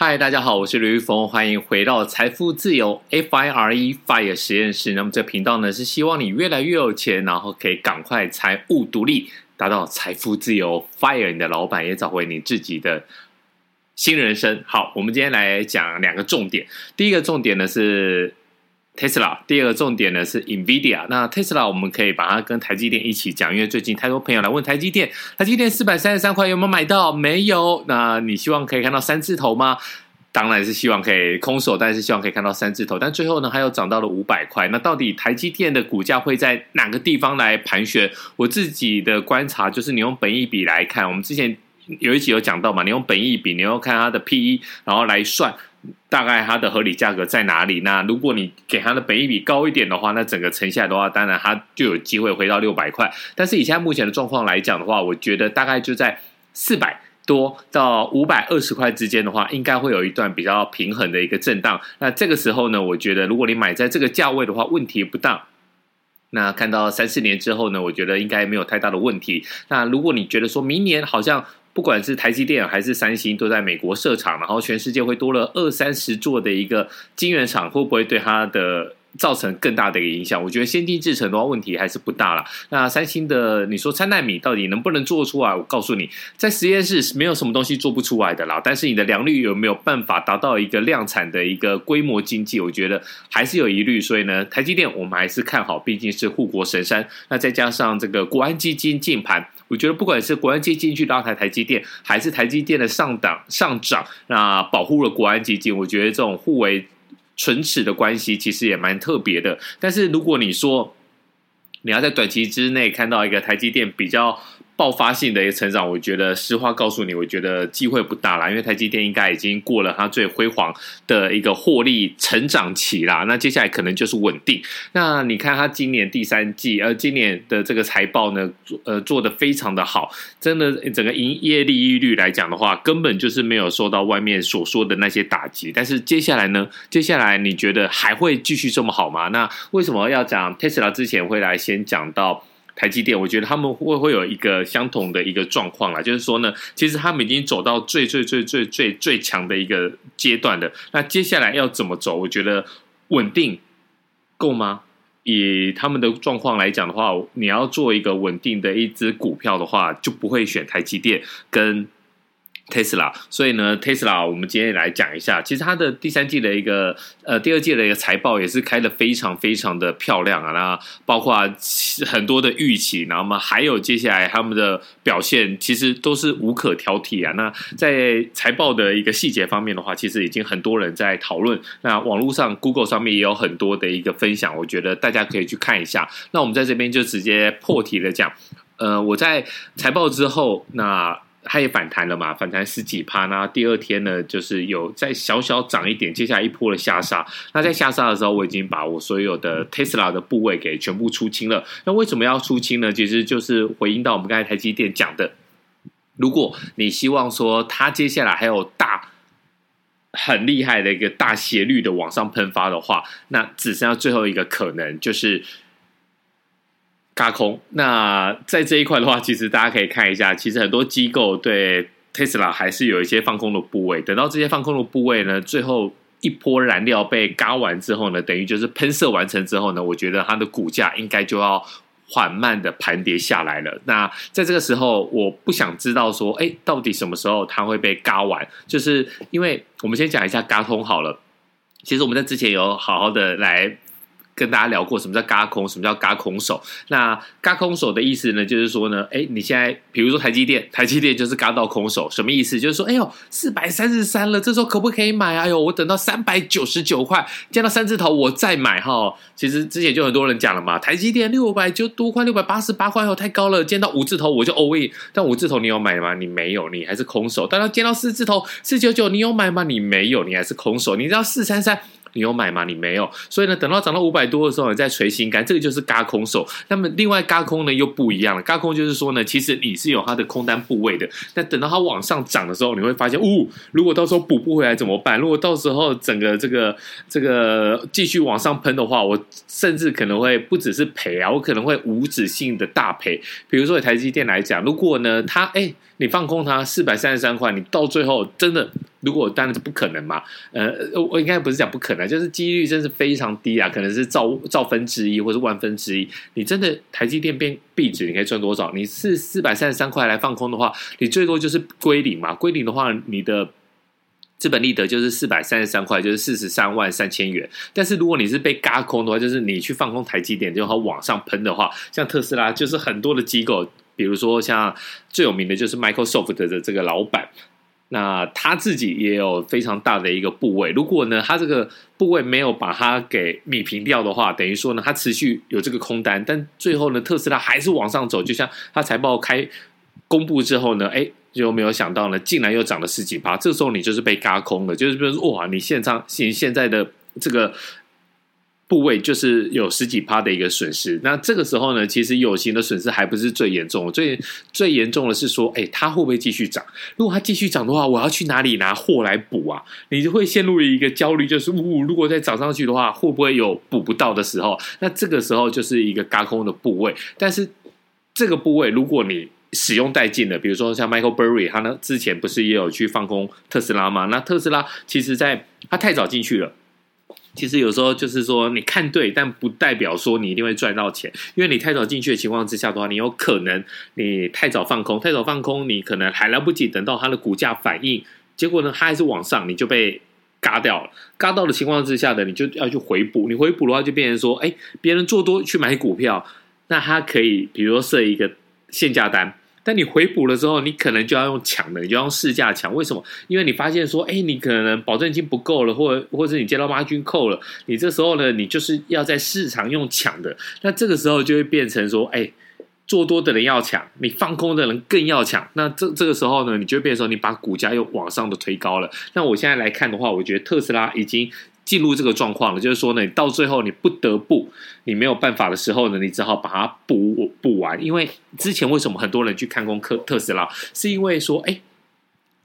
嗨，Hi, 大家好，我是林裕豐，歡迎回到財富自由 FIRE FIRE 實驗室。那麼這頻道呢是希望你越來越有錢，然後可以趕快財務獨立，達到財富自由，fire 你的老板，也找回你自己的新人生。好，我們今天來講兩個重點。第一個重點呢是。Tesla，第二個重點呢是 NVIDIA。那 Tesla，我們可以把它跟台積電一起講，因為最近太多朋友來問台積電，台積電四百三十三塊有沒有買到？沒有。那你希望可以看到三字頭嗎？當然是希望可以空手，但是希望可以看到三字頭。但最後呢，它又漲到了五百塊。那到底台積電的股價會在哪個地方來盤旋？我自己的觀察就是，你用本益比來看，我們之前有一集有講到嘛，你用本益比，你要看它的 P/E，然後來算。大概它的合理價格在哪裡？那如果你給它的本益比高一點的話，那整個沉下來的話，當然它就有機會回到六百塊。但是以現在目前的狀況來講的話，我覺得大概就在四百多到五百二十塊之間的話，應該會有一段比較平衡的一個震盪。那這個時候呢，我覺得如果你買在這個價位的話，問題不大。那看到三四年之後呢，我覺得應該沒有太大的問題。那如果你覺得說明年好像。不管是台積電還是三星，都在美國設廠，然後全世界會多了二三十座的一個晶圓廠，會不會對它的造成更大的一個影響？我覺得先進製程的話，問題還是不大了。那三星的你說三奈米到底能不能做出來？我告訴你，在實驗室是沒有什麼東西做不出來的啦。但是你的良率有沒有辦法達到一個量產的一個規模經濟？我覺得還是有疑慮。所以呢，台積電我們還是看好，畢竟是護國神山。那再加上這個國安基金進盤。我覺得不管是國安基金去拉抬台積電，還是台積電的上檔上漲，那保護了國安基金。我覺得這種互為唇齒的關係，其實也蠻特別的。但是如果你說，你要在短期之內看到一個台積電比較。爆發性的一個成長，我覺得實話告訴你，我覺得機會不大啦。因為台積電應該已經過了它最輝煌的一個獲利成長期啦。那接下來可能就是穩定。那你看它今年第三季，呃，今年的這個財報呢，做呃做得非常的好，真的整個營業利益率，來講的話，根本就是沒有受到外面所說的那些打擊。但是接下來呢，接下來你覺得還會繼續這麼好嗎？那為什麼要講特斯拉？之前會來先講到。台積電，我覺得他們會會有一個相同的一個狀況啦，就是說呢，其實他們已經走到最最最最最最強的一個階段了，那接下來要怎麼走？我覺得穩定夠嗎？以他們的狀況來講的話，你要做一個穩定的一支股票的話，就不會選台積電跟。特斯拉，所以呢，特斯拉，Tesla, 我們今天也來講一下，其實它的第三季的一個呃第二季的一個財報也是開得非常非常的漂亮啊。那包括很多的預期，然後還有接下來他們的表現，其實都是無可挑剔啊。那在財報的一個細節方面的話，其實已經很多人在討論。那網絡上，Google 上面也有很多的一個分享，我覺得大家可以去看一下。那我們在這邊就直接破題的講，呃，我在財報之後，那。它也反彈了嘛，反彈十幾趴呢。那第二天呢，就是有再小小漲一點，接下來一波的下殺。那在下殺的時候，我已經把我所有的 Tesla 的部位給全部出清了。那為什麼要出清呢？其實就是回應到我們剛才台積電講的，如果你希望說它接下來還有大很厲害的一個大斜率的往上噴發的話，那只剩下最後一個可能就是。嘎空，那在這一塊的話，其實大家可以看一下，其實很多機構對 Tesla 還是有一些放空的部位。等到這些放空的部位呢，最後一波燃料被嘎完之後呢，等於就是噴射完成之後呢，我覺得它的股價應該就要緩慢的盤跌下來了。那在這個時候，我不想知道說，哎、欸，到底什麼時候它會被嘎完？就是因為我們先講一下嘎空好了。其實我們在之前有好好的來。跟大家聊過什麼叫嘎空，什麼叫嘎空手。那嘎空手的意思呢，就是說呢，哎，你現在比如說台積電，台積電就是嘎到空手，什麼意思？就是說，哎呦，四百三十三了，這時候可不可以買啊？哎呦，我等到三百九十九塊，見到三字頭我再買哈。其實之前就很多人講了嘛，台積電六百九十多塊，六百八十八塊哦，太高了，見到五字頭我就 O 喂，但五字頭你有買嗎？你沒有，你還是空手。但到見到四字頭四九九，99, 你有買嗎？你沒有，你還是空手。你知道四三三？你有買嗎？你沒有，所以呢，等到漲到五百多的時候，你再捶心肝，這個就是嘎空手。那麼，另外嘎空呢又不一樣了。嘎空就是說呢，其實你是有它的空單部位的，但等到它往上漲的時候，你會發現，嗚，如果到時候補不回來怎麼辦？如果到時候整個這個這個繼續往上噴的話，我甚至可能會不只是賠啊，我可能會無止境的大賠。比如說台積電來講，如果呢，它哎、欸，你放空它四百三十三塊，你到最後真的。如果當然是不可能嘛，呃，我應該不是講不可能，就是幾率真是非常低啊，可能是兆兆分之一，或是萬分之一。你真的台積電變壁紙，你可以賺多少？你是四百三十三塊來放空的話，你最多就是歸零嘛。歸零的話，你的資本利得就是四百三十三塊，就是四十三萬三千元。但是如果你是被嘎空的話，就是你去放空台積電，就好往上噴的話，像特斯拉，就是很多的機構，比如說像最有名的就是 Microsoft 的這個老闆。那他自己也有非常大的一個部位，如果呢，他這個部位沒有把它給敉平掉的話，等於說呢，它持續有這個空單，但最後呢，特斯拉還是往上走，就像它財報開公布之後呢，哎，就沒有想到呢，竟然又漲了十幾趴，這時候你就是被嘎空了，就是比如說哇，你現場現現在的這個。部位就是有十幾趴的一個損失，那這個時候呢，其實有形的損失還不是最嚴重的，最最嚴重的是說，哎，它會不會繼續漲？如果它繼續漲的話，我要去哪裡拿貨來補啊？你就會陷入一個焦慮，就是、哦，如果再漲上去的話，會不會有補不到的時候？那這個時候就是一個軋空的部位，但是這個部位如果你使用殆盡了，比如說像 Michael Burry 他呢之前不是也有去放空特斯拉嗎？那特斯拉其實在，在他太早進去了。其實有時候就是說，你看對，但不代表說你一定會賺到錢，因為你太早進去的情況之下的話，你有可能你太早放空，太早放空，你可能還來不及等到它的股價反應，結果呢，它還是往上，你就被嘎掉了。嘎到的情況之下的，你就要去回補。你回補的話，就變成說，哎，別人做多去買股票，那它可以，比如說設一個限價單。但你回補了之後，你可能就要用搶的，你就要用市價搶。為什麼？因為你發現說，哎，你可能保證金不夠了，或者或者你接到 margin call 扣了，你這時候呢，你就是要在市場用搶的。那這個時候就會變成說，哎，做多的人要搶，你放空的人更要搶。那這這個時候呢，你就變成你把股價又往上的推高了。那我現在來看的話，我覺得特斯拉已經。進入這個狀況了，就是說呢，你到最後你不得不你沒有辦法的時候呢，你只好把它補補完。因為之前為什麼很多人去看空特特斯拉，是因為說，誒，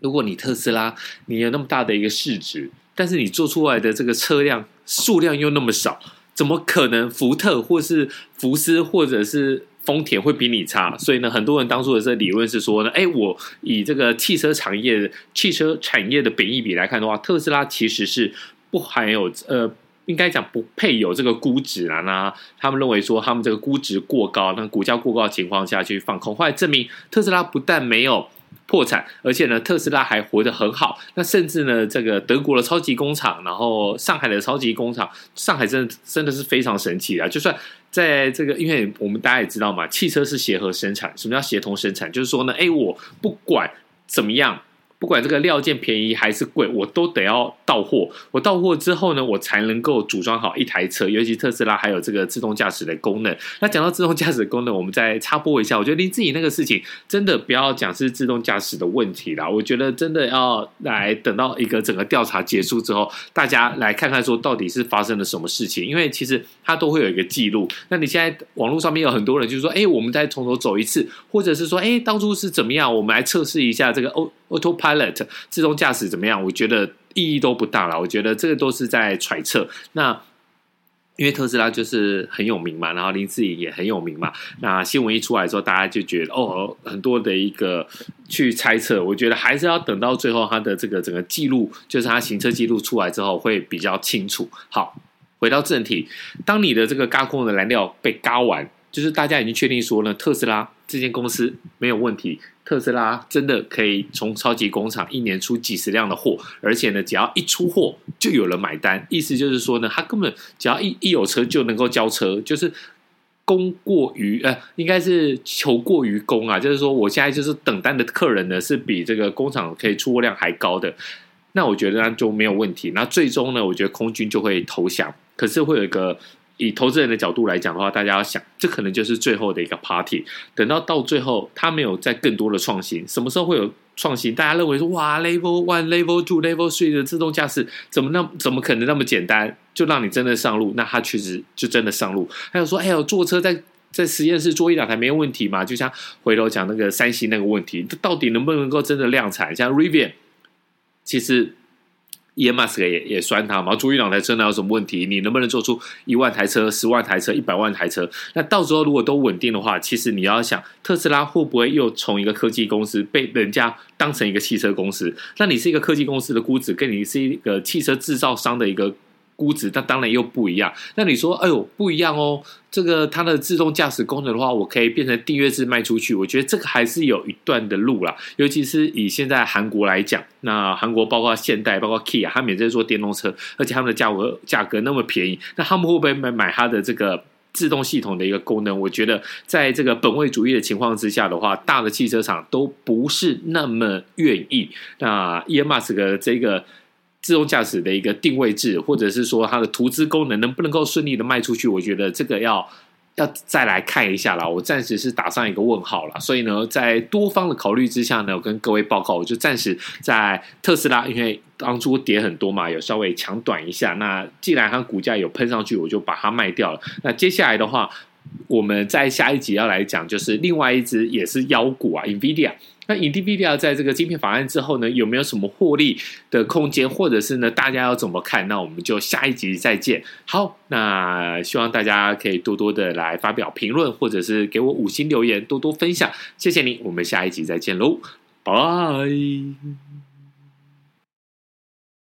如果你特斯拉你有那麼大的一個市值，但是你做出來的這個車輛數量又那麼少，怎麼可能福特或是福斯或者是豐田會比你差？所以呢，很多人當初的這理論是說呢，誒，我以這個汽車產業汽車產業的比一比來看的話，特斯拉其實是。不含有呃，應該講不配有這個估值啊？那他們認為說，他們這個估值過高，那個、股價過高的情況下去放空，後來證明特斯拉不但沒有破產，而且呢，特斯拉還活得很好。那甚至呢，這個德國的超級工廠，然後上海的超級工廠，上海真的真的是非常神奇啊，就算在這個，因為我們大家也知道嘛，汽車是協和生產，什麼叫協同生產？就是說呢，哎、欸，我不管怎麼樣。不管這個料件便宜還是貴，我都得要到貨。我到貨之後呢，我才能夠組裝好一台車。尤其特斯拉還有這個自動駕駛的功能。那講到自動駕駛的功能，我們再插播一下。我覺得林志穎那個事情真的不要講是自動駕駛的問題啦。我覺得真的要來等到一個整個調查結束之後，大家來看看說到底是發生了什麼事情。因為其實它都會有一個記錄。那你現在網絡上面有很多人就是說，誒，我們再從頭走一次，或者是說，誒，當初是怎麼樣？我們來測試一下這個歐。Autopilot 自動駕駛怎麼樣？我覺得意義都不大了。我覺得這個都是在揣測。那因為特斯拉就是很有名嘛，然後林志穎也很有名嘛。那新聞一出來之後，大家就覺得哦，很多的一個去猜測。我覺得還是要等到最後它的這個整個記錄，就是它行車記錄出來之後會比較清楚。好，回到正題，當你的這個高空的燃料被乾完。就是大家已經確定說呢，特斯拉這間公司沒有問題，特斯拉真的可以從超級工廠一年出幾十輛的貨，而且呢，只要一出貨就有人買單。意思就是說呢，他根本只要一一有車就能夠交車，就是供過於呃，應該是求過於供啊。就是說，我現在就是等單的客人呢是比這個工廠可以出貨量還高的，那我覺得呢就沒有問題。那最終呢，我覺得空軍就會投降，可是會有一個。以投資人的角度來講的話，大家要想，這可能就是最後的一個 party。等到到最後，他沒有再更多的創新，什麼時候會有創新？大家認為說，哇，level one、level two、level three 的自動駕駛，怎麼那怎麼可能那麼簡單就讓你真的上路？那他確實就真的上路。還有說，哎呦，坐車在在實驗室坐一兩台沒問題嘛？就像回頭講那個三星那個問題，它到底能不能夠真的量產？像 Rivian，其實。EMS 也也酸它嘛，租一兩台車哪有什麼問題？你能不能做出一萬台車、十萬台車、一百萬台車？那到時候如果都穩定的話，其實你要想，特斯拉會不會又從一個科技公司被人家當成一個汽車公司？那你是一個科技公司的估值，跟你是一個汽車制造商的一個。估值，那當然又不一樣。那你說，哎呦，不一樣哦。這個它的自動駕駛功能的話，我可以變成訂閱制賣出去。我覺得這個還是有一段的路啦，尤其是以現在韓國來講，那韓國包括現代，包括 Kia，他們也在做電動車，而且他們的價格價格那麼便宜，那他們會不會買買它的這個自動系統的一個功能？我覺得，在這個本位主義的情況之下的話，大的汽車廠都不是那麼願意。那 EMAS 的這個。自動駕駛的一個定位置或者是說它的圖資功能能不能夠順利的賣出去，我覺得這個要要再來看一下啦。我暫時是打上一個問號了。所以呢，在多方的考慮之下呢，我跟各位報告，我就暫時在特斯拉，因為當初跌很多嘛，有稍微搶短一下。那既然它股價有噴上去，我就把它賣掉了。那接下來的話。我們在下一集要來講，就是另外一支也是妖股啊，NVIDIA。那 NVIDIA 在這個晶片法案之後呢，有沒有什麼獲利的空間，或者是呢，大家要怎麼看？那我們就下一集再見。好，那希望大家可以多多的來發表評論，或者是給我五星留言，多多分享，謝謝你。我們下一集再見嘍，拜。